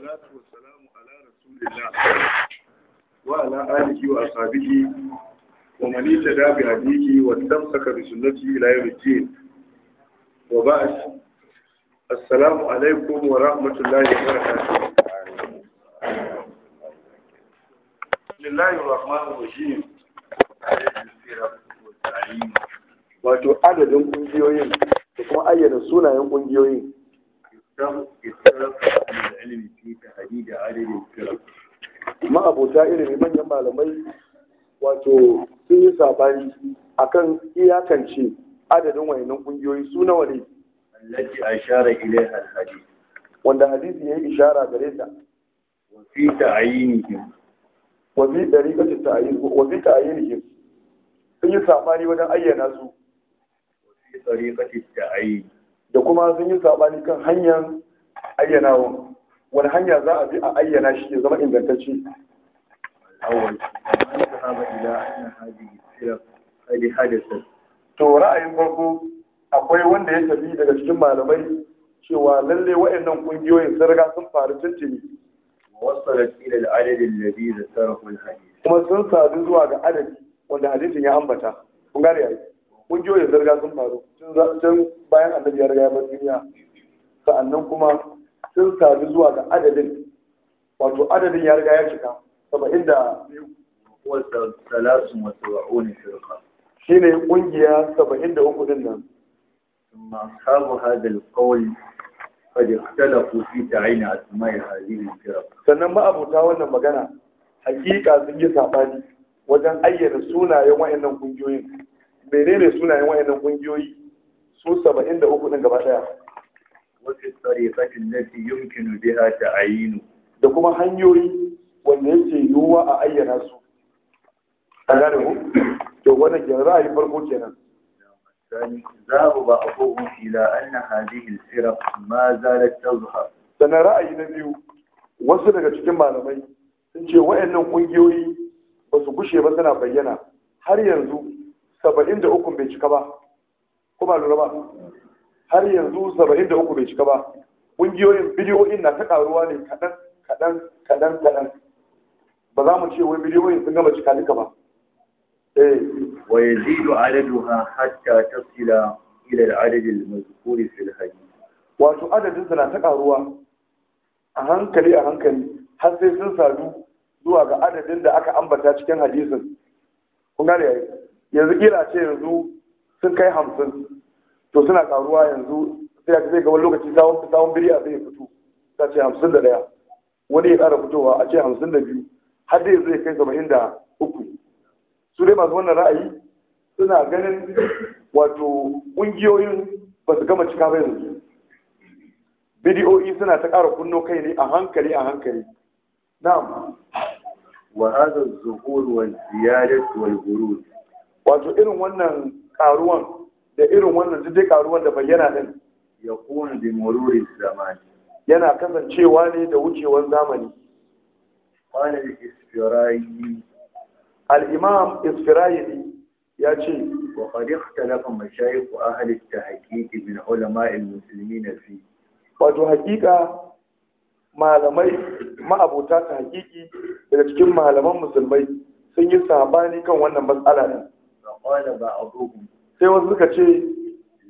salatu wa salamu ala rasulillah wa ala alihi wa ashabihi wa man ittaba bi hadihi wa tamsaka bi sunnatihi ila yawm al-din wa ba'd assalamu alaykum wa rahmatullahi wa barakatuh lillahi rahmanir rahim wa to adadin kungiyoyin da kuma ayyana sunayen kungiyoyin babu ilimi fi tahdid adadin kiran ma'abota ilimi manyan malamai wato sun yi sabani akan iyakance adadin wayannan kungiyoyi su nawa ne allati ashara ilai alhadith wanda hadisi yi ishara gare ta wa fi ta'yinihim wa fi tariqati ta'yin wa fi ta'yinihim sun yi sabani wajen ayyana su wa fi tariqati ta'yin da kuma sun yi saɓani kan hanyar ayyanawa wani hanya za a bi a ayyana shi ya zama ingantacce to ra'ayin farko akwai wanda ya tafi daga cikin malamai cewa lalle wa'annan kungiyoyin sun riga sun faru tuntuni kuma sun sadu zuwa ga adadi wanda hadisin ya ambata kun gane yayi ƙungiyoyin zarga sun faru tun bayan annabi ya riga ya bar duniya sa'annan kuma sun sadu zuwa ga adadin wato adadin ya riga ya cika saba'in da biyu wasalasun shirka. Shi ne ƙungiya saba'in da uku din nan Hadal kawai أصحاب هذا القول قد ta aini a أسماء a halin سنن Sannan أبو wannan magana. hakika sun yi sabani wajen ayyana sunayen wa'annan kungiyoyin menene sunayen wayannan kungiyoyi su 73 din gaba daya wasu tsariƙatin na su yumkinu biha ta ayinu da kuma hanyoyi wanda yake yiwuwa a ayyana su a gane ku to wannan kenan za a yi farko kenan ذهب بعضهم إلى أن هذه الفرق ما زالت تظهر sana ra'ayi na biyu wasu daga cikin malamai sun ce wa'annan ƙungiyoyi ba su gushe ba suna bayyana har yanzu saba'in da uku bai cika ba kuma lura ba har yanzu saba'in da uku bai cika ba ƙungiyoyin bidiyoyin na ta ƙaruwa ne kaɗan kaɗan kaɗan kaɗan ba za mu ce wai bidiyoyin sun gama cika duka ba eh wa yazidu adaduha hatta tasila ila al-adad al-mazkur fi al-hadith wato adadin sa na ta ƙaruwa a hankali a hankali har sai sun sadu zuwa ga adadin da aka ambata cikin hadisin kun gane yayi yanzu kila ce yanzu sun kai hamsin to suna karuwa yanzu sai ya zai gaban lokaci sawun sawun biriya zai fito ta ce hamsin da ɗaya wani ya ƙara fitowa a ce hamsin da biyu har da yanzu ya kai saba'in da uku su dai masu wannan ra'ayi suna ganin wato ƙungiyoyin ba su gama cika ba yanzu bidiyoyi suna ta ƙara kunno kai ne a hankali a hankali na'am wa hadha zuhur wal ziyadat wal ghurur wato irin wannan karuwan da irin wannan duk karuwan da bayyana din ya kuna bi mururi zamani yana kasancewa ne da wucewar zamani da isfirayi al-imam isfirayi ya ce wa qad ikhtalafa mashayikh ahli at-tahqiq min ulama al-muslimin fi wato hakika malamai ma'abota ta hakiki daga cikin malaman musulmai sun yi sabani kan wannan matsala ne qala ba'dhum sai wasu suka ce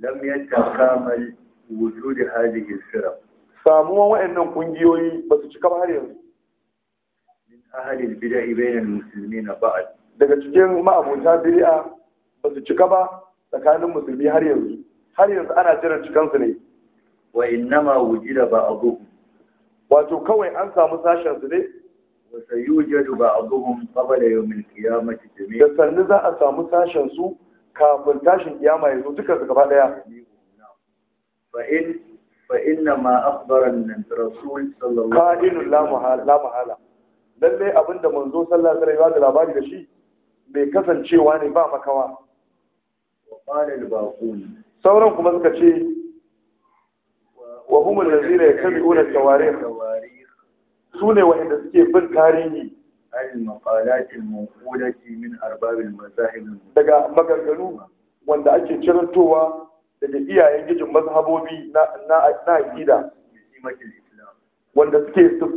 lam yatakamal wujud hadhihi sirr samuwan wayannan kungiyoyi ba su cika ba har yanzu min ahli bid'ah Musulmi muslimin ba'd daga cikin ma'abuta bid'a ba su cika ba tsakanin musulmi har yanzu har yanzu ana jiran cikansu ne wa innama wujida ba'dhum wato kawai an samu sashen su ne Da ba wasayujadu ba'dhum qabla yawm al-qiyamati jami'a da sannu za a samu tashin su kafin tashin kiyama ya zo duka gaba daya fa in fa inna ma akhbara an-rasul sallallahu alaihi wasallam la muhala la muhala lalle abinda manzo sallallahu alaihi wasallam da labari da shi mai kasancewa ne ba makawa wa qala al-baqun sauran kuma suka ce wa humul ladzina yattabi'una at-tawarikh su ne wanda suke bin tarihi ayin min daga maganganu wanda ake cirantowa daga iyayen gijin mazhabobi na na aqida wanda suke siffar